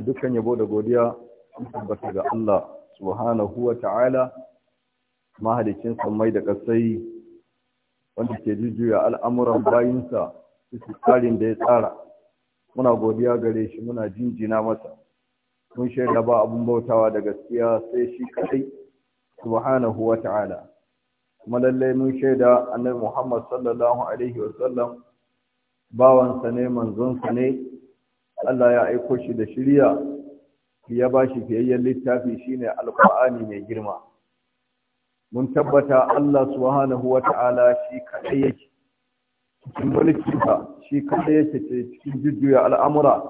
dukkan yabo da godiya tabbata ga Allah subhanahu wa ta'ala mahalicin sammai da kasai wanda ke jujjuya al'amuran bayinsa su tsarin da ya tsara muna godiya gare shi muna jinjina masa mun shaida ba abun bautawa da gaskiya sai shi kadai subhanahu wa ta'ala kuma lallai mun shaida annabi Muhammad sallallahu alaihi wa sallam bawansa ne manzonsa ne Allah ya aiko shi da shirya ya ba shi fiyayyen littafi shine alkur'ani mai girma mun tabbata Allah subhanahu Wata'ala ta'ala shi kaɗai yake cikin mulkinsa shi kaɗai yake cikin jujjuya al'amura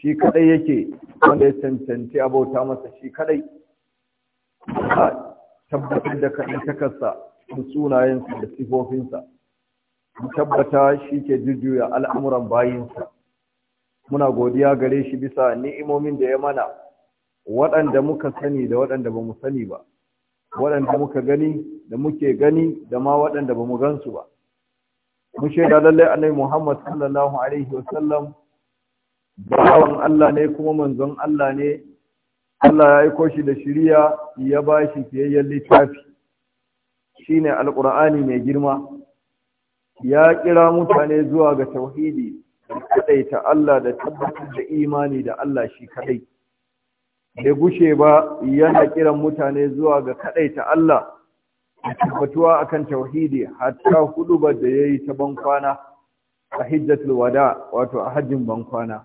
shi kaɗai yake wanda ya cancanci abauta masa shi kaɗai a tabbatar da kaɗai takarsa cikin sunayensa da sifofinsa Mun tabbata shi ke jujjuya al'amuran bayinsa muna godiya gare shi bisa ni'imomin da ya mana waɗanda muka sani da waɗanda ba mu sani ba waɗanda muka gani da muke gani da ma waɗanda ba mu gansu ba mun shaida lallai annabi Muhammad sallallahu alaihi wasallam bawan Allah ne kuma manzon Allah ne Allah ya aiko shi da shiriya ya ba shi fiyayyen littafi shine alqur'ani mai girma ya kira mutane zuwa ga tauhidi ta Allah da tabbatar da imani da Allah shi kadai bai gushe ba yana kiran mutane zuwa ga ta Allah tabbatuwa akan tauhidi hatta hudu ba da yayi ta bankwana a hijjatul wada wato a hajjin bankwana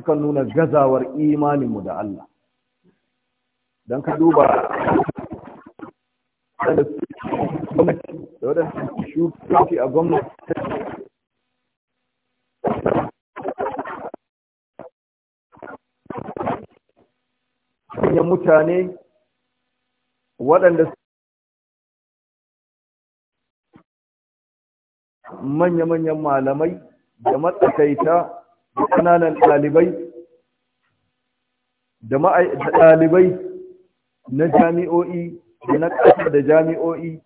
sukan nuna gazawar imaninmu da Allah don ka duba da gwamnati da waɗansu shugabanci a gwamnati manyan mutane waɗanda manya-manyan malamai da matsakaita da ƙananan ɗalibai da ɗalibai na jami'o'i da na ƙasa da jami'o'i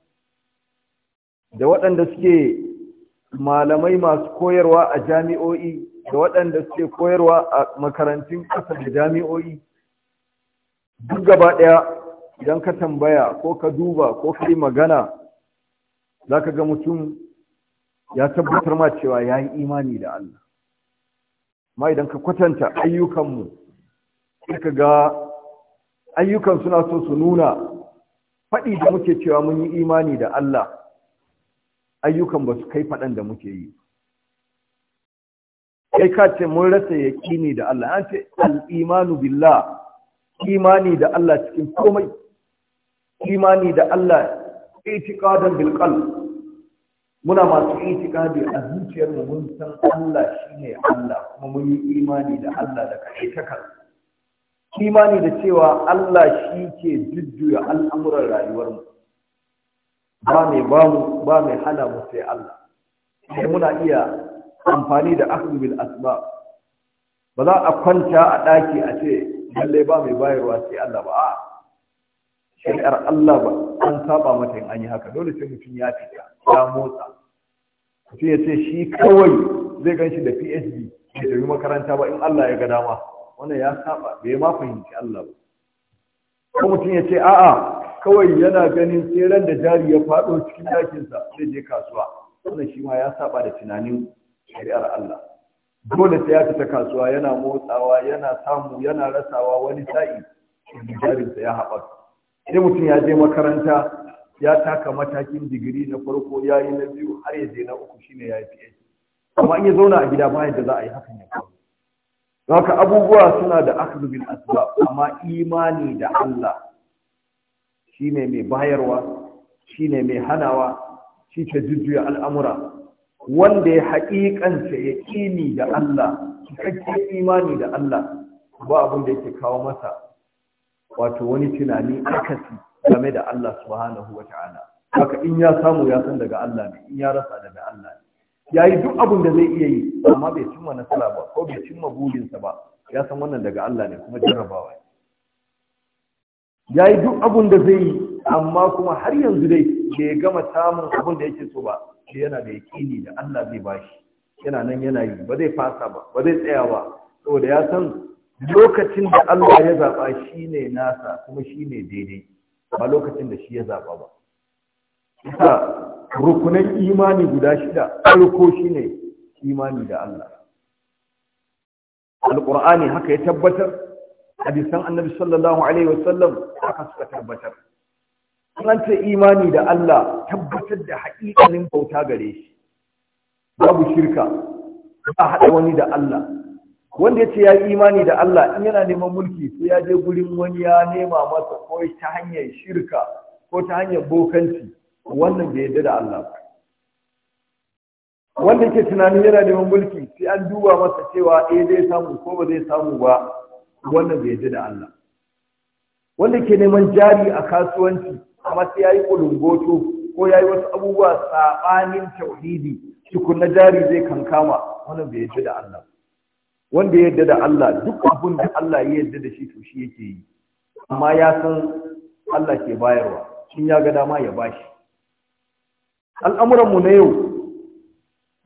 da waɗanda suke malamai masu koyarwa a jami'o'i da waɗanda suke koyarwa a makarantun ƙasa da jami'o'i duk gaba ɗaya idan ka tambaya ko ka duba ko ka yi magana za ka ga mutum ya tabbatar ma cewa ya yi imani da Allah ma idan ka kwatanta ayyukanmu sai ka ga ayyukan suna so su nuna faɗi da muke cewa mun yi imani da Allah ayyukan ba su kai faɗan da muke yi kai ka ce mun rasa yaƙini da Allah an ce al'imanu billah imani da Allah cikin komai imani da Allah itiqadan bil qalb muna masu itikadi a zuciyarmu mun san Allah shine Allah kuma mun yi imani da Allah da kai kaɗaitakar imani da cewa Allah shi ke jujjuya al'amuran rayuwarmu ba mai mu ba mai hana mu sai Allah sai muna iya amfani da bil asbab ba za a kwanta a ɗaki a ce lalle ba mai bayarwa sai Allah ba a'a shari'ar Allah ba an saba mata in an yi haka dole sai mutum ya fita ya motsa mutum ya ce shi kawai zai ganshi da PhD bai tafi makaranta ba in Allah ya ga dama wannan ya saba bai ma fahimci Allah ba ko mutum ya ce a'a kawai yana ganin tseren da jari ya faɗo cikin sa zai je kasuwa wannan shi ma ya saba da tunanin shari'ar Allah dole sai ya fita kasuwa yana motsawa yana samu yana rasawa wani sa'i jarinsa ya haɓaka Idan mutum ya je makaranta ya taka matakin digiri na farko ya yi na biyu har ya je na uku shine ya yi PhD amma in ya zauna a gida ba yadda za a yi hakan ya faru haka abubuwa suna da akhdhu bil asbab amma imani da Allah shine mai bayarwa shine mai hanawa shi ke jujjuya al'amura wanda ya haƙiƙance ya ƙini da Allah cikakken imani da Allah ba abin da yake kawo masa wato wani tunani akasi game da Allah subhanahu wa ta'ala haka in ya samu ya san daga Allah ne in ya rasa daga Allah ne ya duk abin da zai iya yi amma bai cimma nasara ba ko bai cimma burinsa ba ya san wannan daga Allah ne kuma jarrabawa ne ya duk abin da zai yi amma kuma har yanzu dai bai gama samun abin da yake so ba shi yana da yaƙini da Allah zai bashi yana nan yana yi ba zai fasa ba ba zai tsaya ba saboda ya san lokacin da Allah ya zaɓa shi ne nasa kuma shi ne daidai ba lokacin da shi ya zaɓa ba isa rukunan imani guda shida farko shi ne imani da Allah alƙur'ani haka ya tabbatar hadisan annabi sallallahu alaihi wasallam haka suka tabbatar an ce imani da Allah tabbatar da haƙiƙanin bauta gare shi babu shirka a haɗa wani da Allah wanda ya ce ya yi imani da Allah in yana neman mulki sai ya je gurin wani ya nema masa ko ta hanyar shirka ko ta hanyar bokanci wannan bai yarda da Allah ba wanda ke tunanin yana neman mulki sai an duba masa cewa eh zai samu ko ba zai samu ba wannan bai yarda da Allah wanda ke neman jari a kasuwanci amma sai ya yi kulungoto ko ya yi wasu abubuwa saɓanin tauhidi na jari zai kankama wannan bai yarda da Allah ba wanda ya yarda da Allah duk abin da Allah ya yarda da shi to shi yake yi amma ya san Allah ke bayarwa kin ya ga dama ya bashi al'amuran mu na yau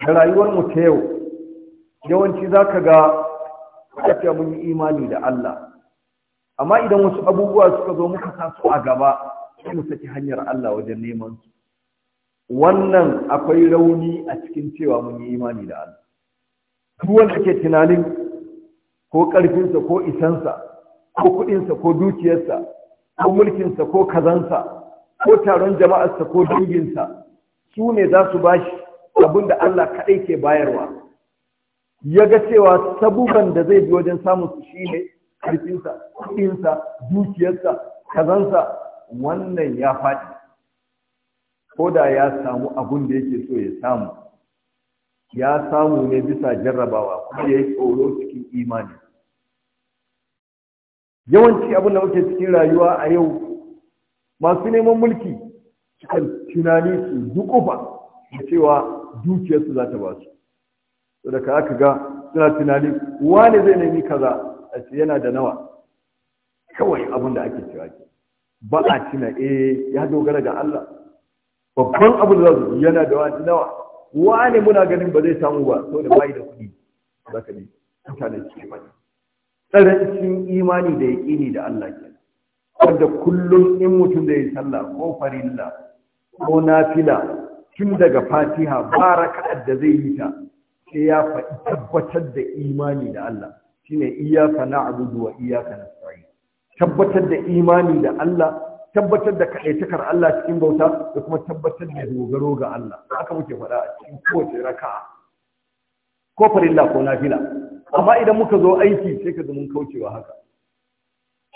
da rayuwar mu ta yau yawanci zaka ga ce mun yi imani da Allah amma idan wasu abubuwa suka zo muka sa su a gaba sai mu saki hanyar Allah wajen neman su wannan akwai rauni a cikin cewa mun yi imani da Allah Ruwan ke tunanin ko ƙarfinsa ko isansa ko kuɗinsa ko dukiyarsa ko mulkinsa ko kazansa ko taron jama'arsa ko danginsa su ne za su bashi abin da Allah kaɗai ke bayarwa ya ga cewa sabuban da zai bi wajen samun su shi ne ƙarfinsa kuɗinsa dukiyarsa kazansa wannan ya faɗi ko da ya samu abin da yake so ya samu ya samu ne bisa jarrabawa kuma ya yi tsoro cikin imani yawanci abin da muke cikin rayuwa a yau masu neman mulki cikin tunani su dukufa da cewa dukiyarsu za ta ba su so aka ga suna tunani wani zai nemi kaza a ce yana da nawa kawai abin da ake cewa ke ba a tuna eh ya dogara ga Allah babban abin da za su yana da wani nawa wani muna ganin ba zai samu ba da bai da kuɗi za ka ne mutane su imani tsarancin imani da yaƙini da Allah ke wanda kullum in mutum da ya sallah ko farilla ko nafila tun daga fatiha bara kaɗar da zai yi ta sai ya faɗi tabbatar da imani da Allah shine iyaka na'budu wa iyaka nasta'in tabbatar da imani da Allah tabbatar da kaɗaitakar Allah cikin bauta da kuma tabbatar da dogaro ga Allah haka muke faɗa a cikin kowace raka'a ko farilla ko nafila amma idan muka zo aiki sai ka mun kaucewa haka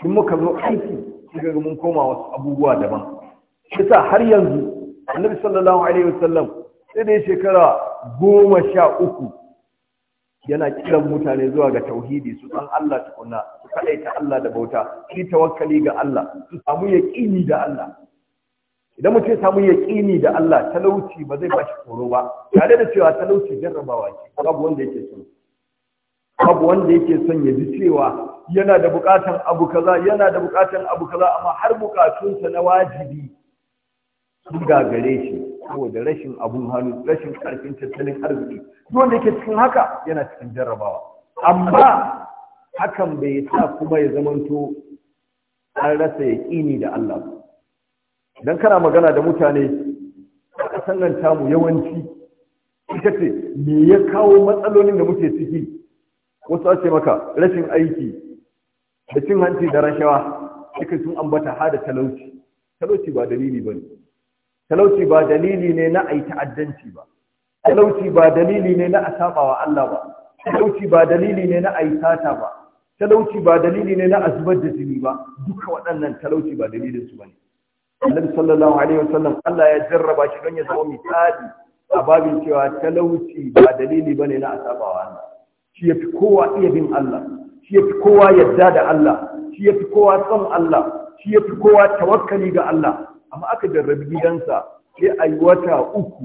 in muka zo aiki sai ka mun koma wasu abubuwa daban yasa har yanzu annabi sallallahu alaihi wasallam sai da shekara goma sha uku yana kiran mutane zuwa ga tauhidi su san Allah tukuna su ta Allah da bauta su tawakkali ga Allah su samu yaqini da Allah idan mutum samu yaqini da Allah talauci ba zai bashi tsoro ba tare da cewa talauci jarrabawa ce babu wanda yake so babu wanda yake son ya ji cewa yana da bukatan abu kaza yana da bukatan abu kaza amma har bukatunsa na wajibi sun gare shi saboda rashin abun hannu rashin karfin tattalin arziki duk wanda yake cikin haka yana cikin jarrabawa amma hakan bai sa kuma ya zamanto an rasa yaƙini da Allah idan kana magana da mutane a sannan tamu yawanci ita ce me ya kawo matsalolin da muke ciki wasu ce maka rashin aiki da cin hanci da rashawa duka sun ambata ha da talauci talauci ba dalili ba ne talauci ba dalili ne na a yi ta'addanci ba talauci ba dalili ne na a saba wa Allah ba talauci ba dalili ne na a yi sata ba talauci ba dalili ne na a zubar da jini ba duka waɗannan talauci ba dalilin su bane Annabi sallallahu alaihi wasallam Allah ya jarraba shi don ya zama misali a babin cewa talauci ba dalili bane na a saba wa Allah shi yafi kowa iya bin Allah shi yafi kowa yadda da Allah shi yafi kowa son Allah shi yafi kowa tawakkali ga Allah amma aka jarrabi gidansa sai a yi wata uku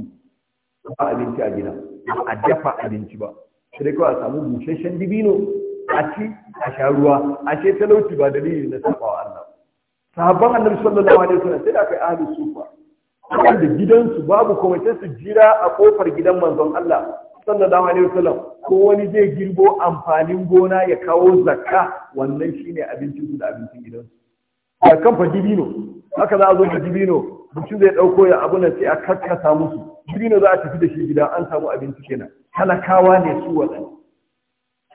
ba abinci a gida ba a dafa abinci ba sai kawai a samu busasshen dibino a ci a sha ruwa a ce talauci ba dalili na sabawa Allah sahabban annabi sallallahu alaihi wasallam sai da kai ahli sufa wanda gidansu babu kuma sai su jira a kofar gidan manzon Allah sallallahu alaihi wasallam ko wani zai girbo amfanin gona ya kawo zakka wannan shine abincin su da abincin gidansu a kan fa dibino haka za a zo da dibino mutum zai ɗauko ya abu na, sai a karkasa musu dibino za a tafi da shi gida an samu abinci kenan talakawa ne su waɗanda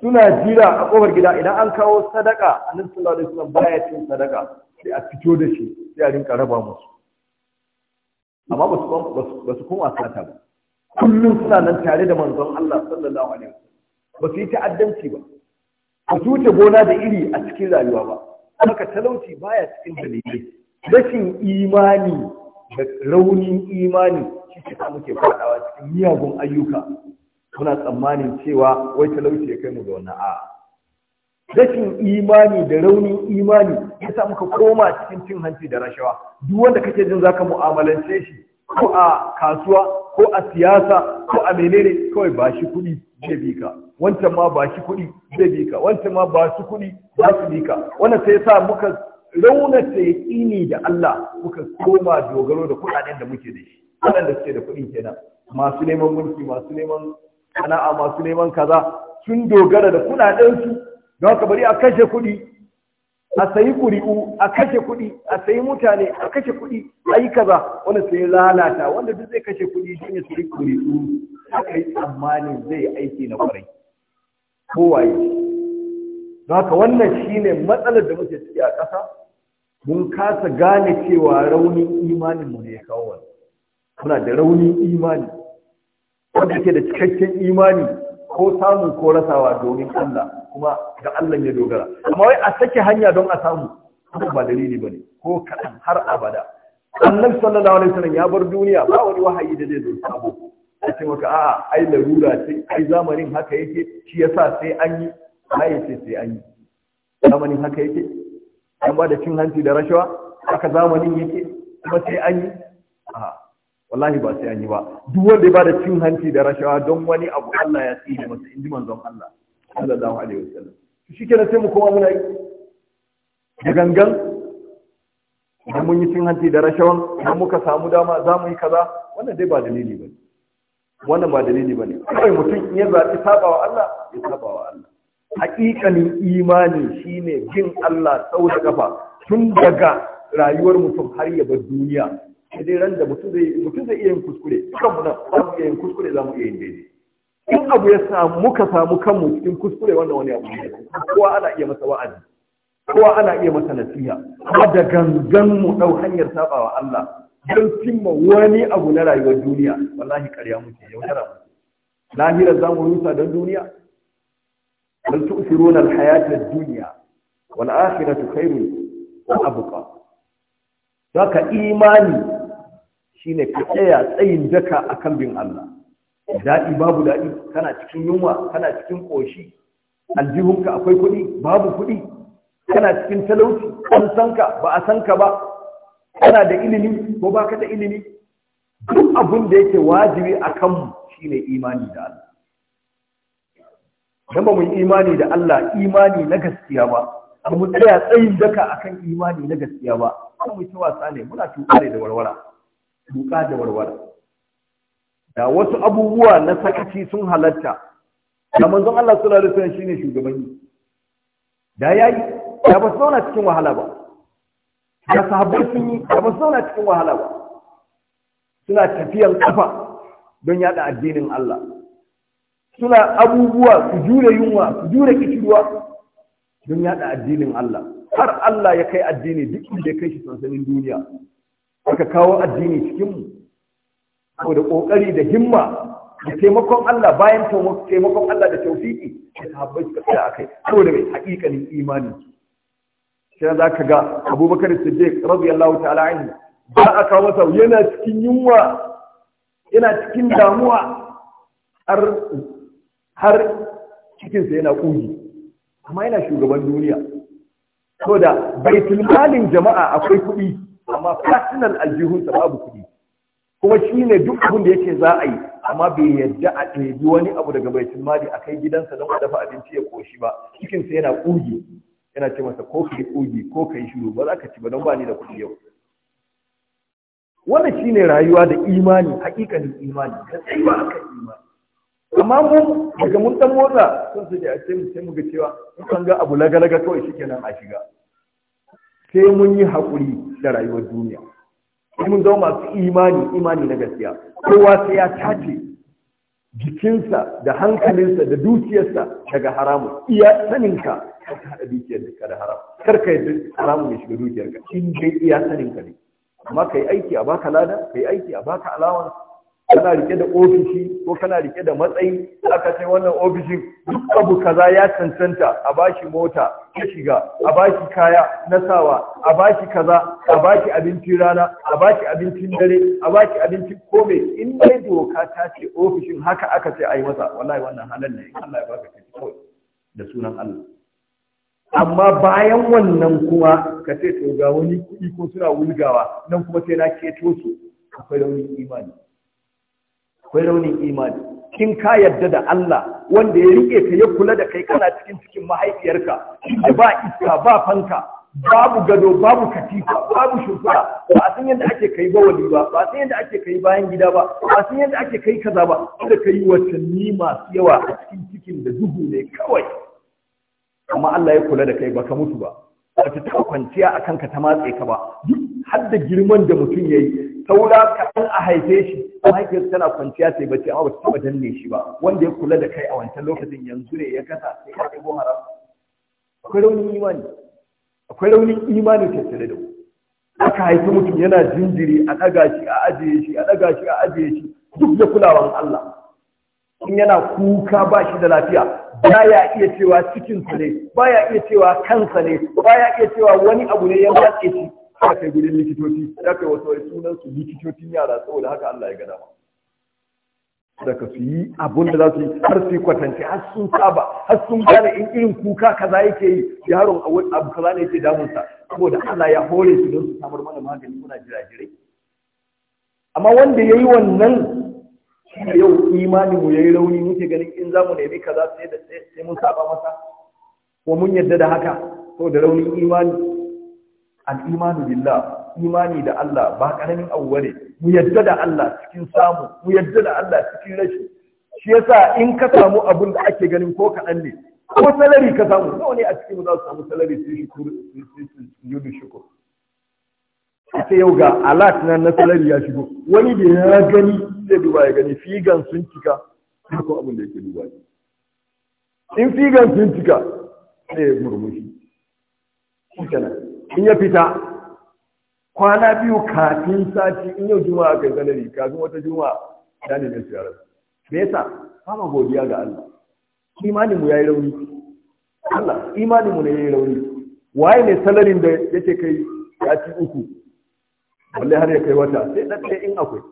suna jira a ƙofar gida idan an kawo sadaka annabi sallallahu alaihi wasallam baya cin sadaka sai a fito da shi sai a rinka raba musu amma ba su ba su koma sata ba kullum suna nan tare da manzon Allah sallallahu alaihi wasallam ba su yi ta'addanci ba ba su wuce gona da iri a cikin rayuwa ba haka talauci baya cikin dalilai rashin imani da raunin imani shi ta muke faɗawa cikin miyagun ayyuka muna tsammanin cewa wai talauci ya kai mu ga wani a rashin imani da raunin imani ya sa muka koma cikin cin hanci da rashawa duk wanda kake jin zaka mu'amalance shi ko a kasuwa ko a siyasa ko a menene kawai ba shi kuɗi zai bi ka wancan ma ba shi kuɗi zai bi ka wancan ma ba su kuɗi za su bi ka wannan sai ya sa muka raunata yaƙini da Allah muka koma dogaro da kuɗaɗen da muke da shi waɗanda suke da kuɗin kenan masu neman mulki masu neman sana'a masu neman kaza sun dogara da kuɗaɗen su don haka bari a kashe kuɗi a sayi ƙuri'u a kashe kuɗi a sayi mutane a kashe kuɗi a yi kaza wanda sai lalata wanda duk zai kashe kuɗi shine ya yi ƙuri'u aka yi tsammanin zai aiki na kwarai kowaye don haka wannan shine matsalar da muke ciki a ƙasa mun kasa gane cewa raunin imanin mu ne kawo wani muna da raunin imani wanda ke da cikakken imani ko samun ko rasawa domin Allah kuma ga Allah ya dogara amma wai a sake hanya don a samu ba dalili bane ko kaɗan har abada annabi sallallahu alaihi wasallam ya bar duniya ba wani wahayi da zai zo sabo a ce maka a'a ai larura ce ai zamanin haka yake shi yasa sai an yi ai sai an yi zamanin haka yake an ba da cin hanci da rashawa aka zamanin yake kuma sai an yi wallahi ba sai an yi ba duk wanda ya ba da cin hanci da rashawa don wani abu Allah ya tsira masa inji manzon Allah sallallahu alaihi wasallam shi shikenan sai mu koma muna yi da gangan idan mun yi cin hanci da rashawan idan muka samu dama za mu yi kaza wannan dai ba dalili ba ne wannan ba dalili ba ne kawai mutum in ya zaɓi sabawa Allah ya sabawa Allah haƙiƙanin imani shine jin Allah sau da kafa tun daga rayuwar mutum har ya bar duniya sai dai ran da mutum zai mutum zai iya yin kuskure kanmu nan za mu iya yin kuskure za mu iya yin daidai in abu ya samu muka samu kanmu cikin kuskure wanda wani abu ne kowa ana iya masa wa'azi kowa ana iya masa nasiha amma da gangan mu dau hanyar sabawa Allah don cimma wani abu na rayuwar duniya wallahi ƙarya muke yaudara mu lahira za mu rusa don duniya bal tu'thiruna al-hayata ad-dunya wal akhiratu khairun wa abqa imani shine ka tsaya tsayin daka akan bin Allah daɗi babu daɗi kana cikin yunwa kana cikin ƙoshi aljihunka akwai kuɗi babu kuɗi kana cikin talauci an san ba a san ka ba kana da ilimi ko ba ka da ilimi duk abin da yake wajibi a kanmu shine imani da Allah dan ba mu imani da Allah imani na gaskiya ba an mu tsaya tsayin daka akan imani na gaskiya ba an mu ci wasa ne muna tuka da warwara tuka da warwara da wasu abubuwa na sakaci sun halatta da manzon Allah sallallahu alaihi wasallam shine shugaban yi. da yayi da ba zauna cikin wahala ba da sahabbai sun yi da ba zauna cikin wahala ba suna tafiyan kafa don yada addinin Allah suna abubuwa su jure yunwa su jure kishirwa don yada addinin Allah har Allah ya kai addini duk inda ya kai shi sansanin duniya aka kawo addini cikin mu saboda kokari da himma da taimakon Allah bayan taimakon Allah da tawfiki da sahabbai suka tsaya akai saboda mai haƙiƙanin imani sai za ka ga Abubakar Siddiq radiyallahu ta'ala anhu ba a kawo masa yana cikin yunwa yana cikin damuwa har har cikinsa yana ƙugi amma yana shugaban duniya so da baitul malin jama'a akwai kuɗi amma personal aljihunsa babu kuɗi kuma shi ne duk abin da yake za a yi amma bai yadda a ɗaiɗi wani abu daga baitul mali a kai gidansa don a dafa abinci ya koshi ba cikinsa yana ƙugi yana ce masa ko ka yi ƙugi ko ka yi shiru ba za ka ci ba don ba ni da kuɗi yau wannan shine rayuwa da imani hakikanin imani ka tsayi ba akan imani amma mu daga mun dan motsa sun su je a cikin sai ga cewa mun san ga abu lagalaga kawai shikenan a shiga sai mun yi hakuri da rayuwar duniya sai mun zama masu imani imani na gaskiya kowa sai ya tace jikinsa da hankalinsa da dukiyarsa daga haramun iya saninka ka haɗa dukiyar ka da haramu. kar ka yadda haramun ya shiga dukiyarka in dai iya saninka ne amma ka yi aiki a baka lada ka yi aiki a baka alawar. kana rike da ofishi ko kana rike da matsayi aka ce wannan ofishin duk abu kaza ya cancanta a bashi mota ya shiga a bashi kaya na sawa a bashi kaza a bashi abincin rana a bashi abincin dare a bashi abincin kome in dai doka ta ce ofishin haka aka ce a yi masa wallahi wannan halal ne Allah ya baka kai kawai da sunan Allah amma bayan wannan kuma ka ce to ga wani kuɗi ko suna wulgawa nan kuma sai na keto su akwai raunin imani akwai raunin imani kin ka yadda da Allah wanda ya rike ka ya kula da kai kana cikin cikin mahaifiyarka da ba iska ba fanka babu gado babu katifa babu shukura ba a san yadda ake kai bawali ba ba yadda ake kai bayan gida ba ba yadda ake kai kaza ba da yi watanni masu yawa a cikin cikin da duhu ne kawai amma Allah ya kula da kai ba ka mutu ba ba ta kwanciya a kanka ta matse ka ba duk har girman da mutum ya yi saura kaɗan a haife shi mahaifiyar tana kwanciya sai bace amma bata taba danne shi ba wanda ya kula da kai a wancan lokacin yanzu ne ya kasa sai ka ɗebo haram akwai raunin imani akwai raunin imani tattare da mu aka haifi mutum yana jinjiri a ɗaga shi a ajiye shi a ɗaga shi a ajiye shi duk da kulawan Allah in yana kuka ba shi da lafiya baya iya cewa cikinsa ne baya iya cewa kansa ne baya iya cewa wani abu ne ya matse shi aka kai gudun likitoci ya kai wasu wai sunansu su likitocin yara saboda haka Allah ya gada ma daga su yi abun da za su yi har su yi kwatance har sun saba har sun gane in irin kuka kaza yake yi yaron abu kaza ne yake damunsa saboda Allah ya hore su don su samar mana magani muna jirajirai amma wanda ya yi wannan shi yau imani mu yayi rauni muke ganin in za mu nemi kaza sai da sai mun saba masa ko mun yadda da haka saboda raunin imani al'imanu billah imani da Allah ba karamin abu mu yadda da Allah cikin samu mu yadda da Allah cikin rashi shi yasa in ka samu abun da ake ganin ko kaɗan ne ko salari ka samu nawa ne a cikin za su samu salari su shi yudu shukur ake yau ga alat na na salari ya shigo wani da ya gani zai duba ya gani figan sun cika ko abin da yake duba in figan sun cika sai murmushi shi kenan in ya fita kwana biyu kafin sati in yau juma'a kai sanari kafin wata juma'a da ne mai siyarar me yasa godiya ga Allah imanin mu yayi rauni Allah imanin mu ne yayi rauni waye ne salarin da yake kai sati uku balle har ya kai wata sai dan sai in akwai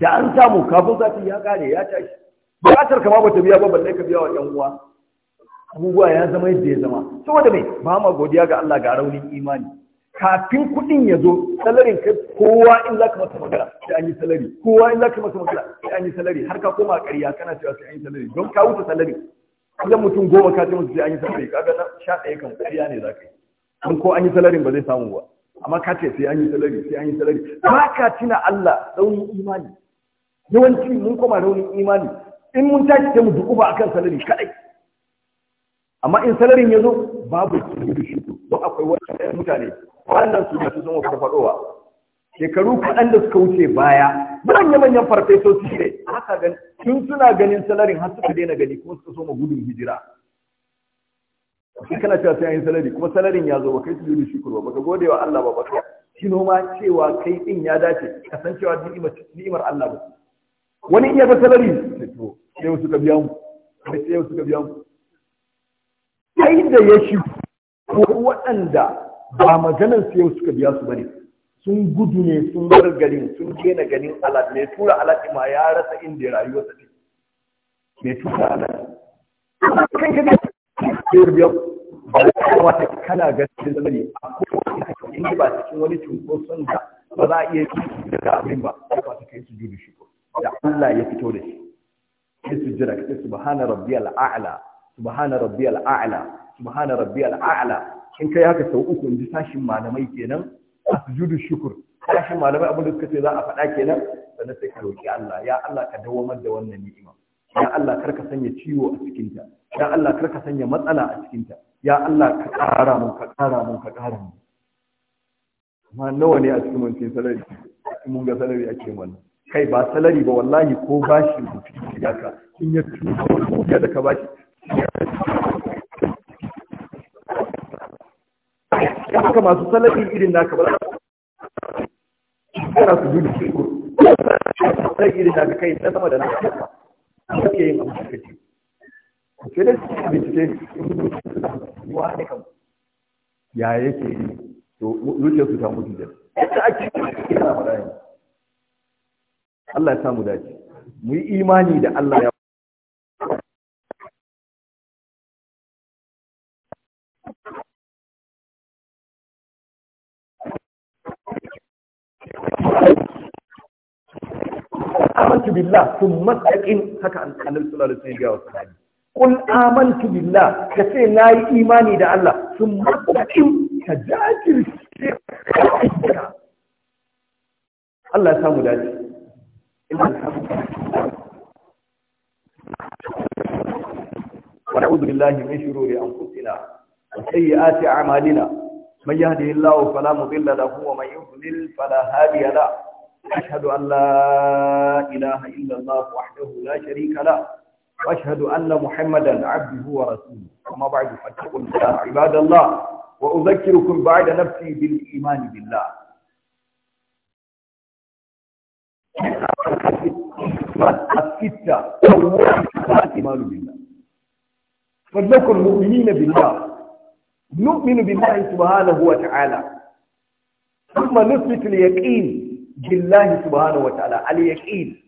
da an samu kafin sati ya kare ya tashi bukatar kama bata biya ba balle ka biya wa yan uwa abubuwa ya zama yadda ya zama saboda mai ba ma godiya ga Allah ga raunin imani kafin kudin ya zo salarin kai kowa in za ka masa magana sai an yi salari kowa in za ka masa magana sai an yi salari har ka koma ƙarya kana cewa sai an yi salari don ka wuce salari idan mutum goma ka ce musu sai an yi salari kaga na sha ɗaya kan ƙarya ne za ka yi don ko an yi salarin ba zai samu ba amma ka ce sai an yi salari sai an yi salari ba ka tuna Allah raunin imani yawanci mun koma raunin imani in mun tashi sai mu dukuba akan salari kaɗai amma in salarin ya zo babu shi don akwai wata mutane wannan su masu sun farfadowa shekaru kaɗan da suka wuce baya manya-manyan su ne haka gani tun suna ganin salarin har suka daina gani kuma suka soma gudun hijira shi kana cewa sai yin salari kuma salarin ya zo ba kai su yi shukuru ba ka gode wa Allah ba ka shi noma cewa kai din ya dace kasancewa ni'imar Allah ba wani iya ga salari sai to sai suka biya mu sai suka biya mu ai da ya shi ko waɗanda ba maganar su yau suka biya su bane sun gudu ne sun bar garin sun kena ganin alat mai tura alat ma ya rasa inda rayuwar sa mai tura alat kan ka biyar biyar ba ya kamata kana ganin zamani a kowace inda ba cikin wani cunkoson da ba za a iya yi da abin ba ya kamata kai su judu shi da Allah ya fito da shi sai su jira kai subhana rabbiyal a'la subhana rabbiyal a'la subhana rabbiyal a'la in kai haka sau uku in ji sashin malamai kenan asjudu shukr sashin malamai abin da suka ce za a faɗa kenan sannan sai ka roki Allah ya Allah ka dawamar da wannan ni'ima ya Allah kar ka sanya ciwo a cikin ta ya Allah kar ka sanya matsala a cikin ta ya Allah ka ƙara mun ka ƙara mun ka ƙara mun amma nawa ne a cikin wancan salari mun ga salari ake wannan kai ba salari ba wallahi ko bashi mutum ya ka in ya tuka da ka bashi da haka masu salafin irin naka ba kana su gudu su ko sai irin naka kai ta sama da na kake yin abu kake sai da su bincike wa ne kam ya yake yi to zuciyar su ta mutu da ta ake kira marayi Allah ya samu dace mu yi imani da Allah ya amantu billah sun matsakin haka annabi sallallahu alaihi wasallam ya wasu hali kun amantu billah ka ce na yi imani da Allah sun matsakin ka jajirce Allah ya samu dace ina samu ونعوذ بالله من شرور أنفسنا وسيئات أعمالنا من يهده الله فلا مضل له ومن يضلل فلا هادي له أشهد أن لا إله إلا الله وحده لا شريك له وأشهد أن محمدا عبده ورسوله أما بعد فاتقوا الله عباد الله وأذكركم بعد نفسي بالإيمان بالله الستة الإيمان بالله فلنكن مؤمنين بالله نؤمن بالله سبحانه وتعالى ثم نثبت اليقين بالله سبحانه وتعالى اليقين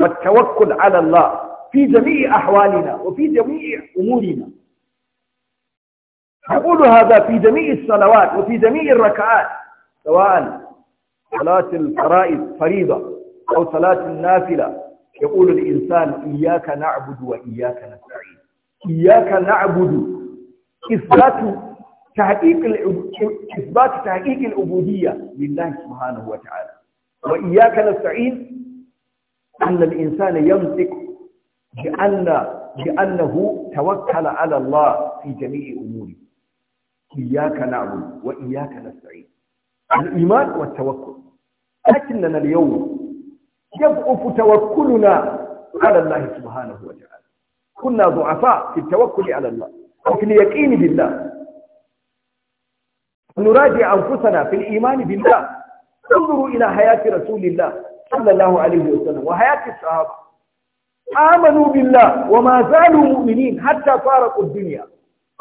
والتوكل على الله في جميع أحوالنا وفي جميع أمورنا نقول هذا في جميع الصلوات وفي جميع الركعات سواء صلاة الفرائض فريضة أو صلاة النافلة يقول الإنسان إياك نعبد وإياك نستعين إياك نعبد إثبات تحقيق إثبات تحقيق العبودية لله سبحانه وتعالى وإياك نستعين أن الإنسان ينطق بأن بأنه توكل على الله في جميع أموره إياك نعبد وإياك نستعين الإيمان والتوكل لكننا اليوم يضعف توكلنا على الله سبحانه وتعالى كنا ضعفاء في التوكل على الله وفي اليقين بالله نراجع أنفسنا في الإيمان بالله انظروا إلى حياة رسول الله صلى الله عليه وسلم وحياة الصحابة آمنوا بالله وما زالوا مؤمنين حتى فارقوا الدنيا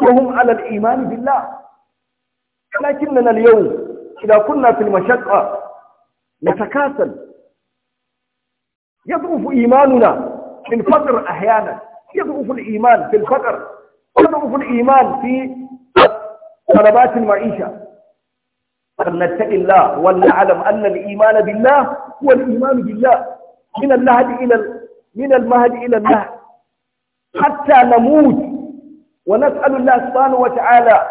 وهم على الإيمان بالله لكننا اليوم إذا كنا في المشقة نتكاسل يضعف إيماننا في الفقر أحيانا يضعف الإيمان في الفقر يضعف الإيمان في طلبات المعيشة فلنتق الله ولنعلم أن الإيمان بالله هو الإيمان بالله من المهد إلى من المهد إلى المهد حتى نموت ونسأل الله سبحانه وتعالى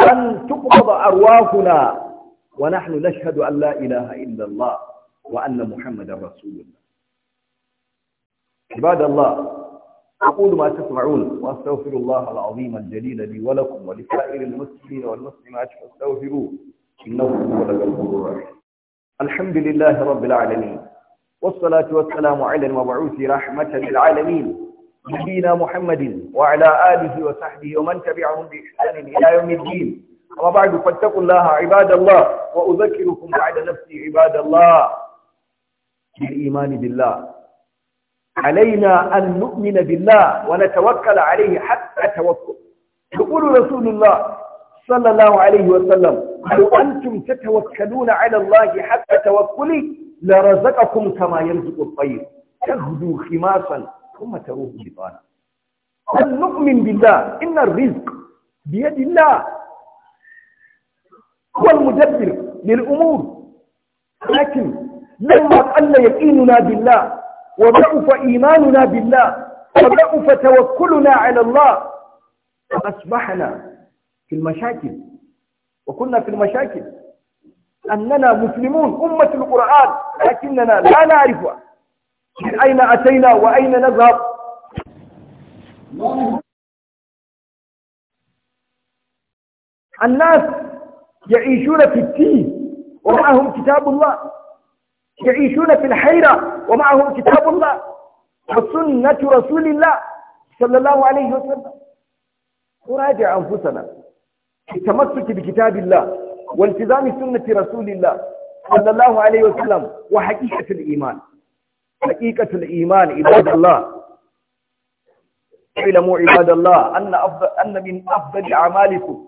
أن تقبض أرواحنا ونحن نشهد أن لا إله إلا الله وأن محمدا رسول الله عباد الله أقول ما تسمعون وأستغفر الله العظيم الجليل لي ولكم ولسائر المسلمين والمسلمات فاستغفروه إنه هو الغفور الرحيم الحمد لله رب العالمين والصلاة والسلام على المبعوث رحمة للعالمين نبينا محمد وعلى آله وصحبه ومن تبعهم بإحسان إلى يوم الدين أما بعد فاتقوا الله عباد الله وأذكركم بعد نفسي عباد الله بالإيمان بالله علينا أن نؤمن بالله ونتوكل عليه حتى توكل يقول رسول الله صلى الله عليه وسلم لو أنتم تتوكلون على الله حتى توكلي لرزقكم كما يرزق الطير تغدو خماسا ثم تروه بطانا أن نؤمن بالله إن الرزق بيد الله هو المدبر للأمور لكن لما قل يقيننا بالله وضعف إيماننا بالله وضعف توكلنا على الله فأصبحنا في المشاكل وكنا في المشاكل أننا مسلمون أمة القرآن لكننا لا نعرف من أين أتينا وأين نذهب الناس يعيشون في التيه ومعهم كتاب الله يعيشون في الحيرة ومعهم كتاب الله وسنة رسول الله صلى الله عليه وسلم نراجع أنفسنا التمسك بكتاب الله والتزام سنة رسول الله صلى الله عليه وسلم وحقيقة الإيمان حقيقة الإيمان عباد الله اعلموا عباد الله أن, أفضل أن من أفضل أعمالكم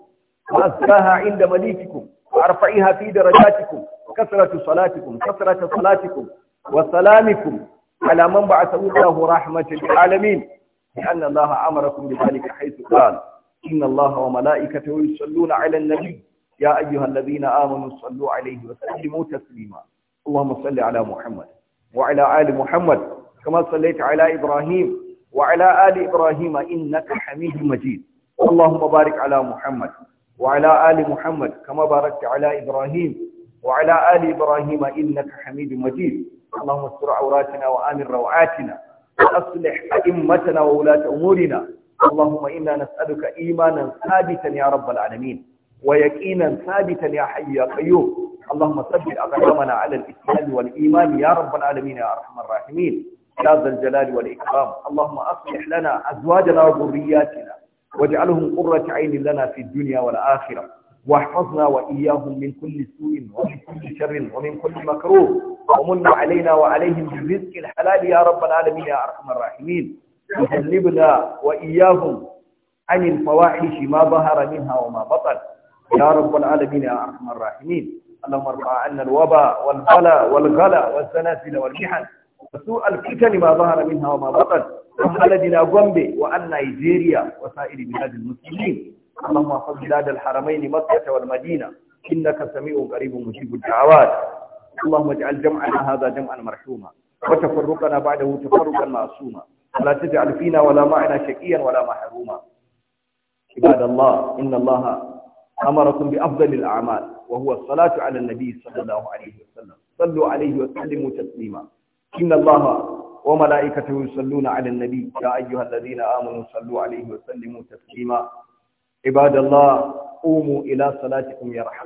وأزكاها عند مليككم وأرفعها في درجاتكم كثرة صلاتكم كثرة صلاتكم وسلامكم على من بعثه الله رحمة للعالمين لأن الله أمركم بذلك حيث قال إن الله وملائكته يصلون على النبي يا أيها الذين آمنوا صلوا عليه وسلموا تسليما اللهم صل على محمد وعلى آل محمد كما صليت على إبراهيم وعلى آل إبراهيم إنك حميد مجيد اللهم بارك على محمد وعلى آل محمد كما باركت على إبراهيم وعلى آل إبراهيم إنك حميد مجيد اللهم استر عوراتنا وآمن روعاتنا وأصلح أئمتنا وولاة أمورنا اللهم إنا نسألك إيمانا ثابتا يا رب العالمين ويقينا ثابتا يا حي يا قيوم اللهم ثبت أقدامنا على الإسلام والإيمان يا رب العالمين يا أرحم الراحمين يا ذا الجلال والإكرام اللهم أصلح لنا أزواجنا وذرياتنا واجعلهم قرة عين لنا في الدنيا والآخرة واحفظنا وإياهم من كل سوء ومن كل شر ومن كل مكروه ومن علينا وعليهم بالرزق الحلال يا رب العالمين يا أرحم الراحمين وجنبنا وإياهم عن الفواحش ما ظهر منها وما بطن يا رب العالمين يا أرحم الراحمين اللهم ارفع عنا الوباء والبلاء والغلا والسلاسل والمحن وسوء الفتن ما ظهر منها وما بطن وبلدنا غومبي وأن نيجيريا وسائر بلاد المسلمين اللهم احفظ بلاد الحرمين مكة والمدينة إنك سميع قريب مجيب الدعوات اللهم اجعل جمعنا هذا جمعا مرحوما وتفرقنا بعده تفرقا معصوما ولا تجعل فينا ولا معنا شقيا ولا محروما عباد الله إن الله أمركم بأفضل الأعمال وهو الصلاة على النبي صلى الله عليه وسلم صلوا عليه وسلموا تسليما إن الله وملائكته يصلون على النبي يا أيها الذين آمنوا صلوا عليه وسلموا تسليما عباد الله قوموا إلى صلاتكم يرحم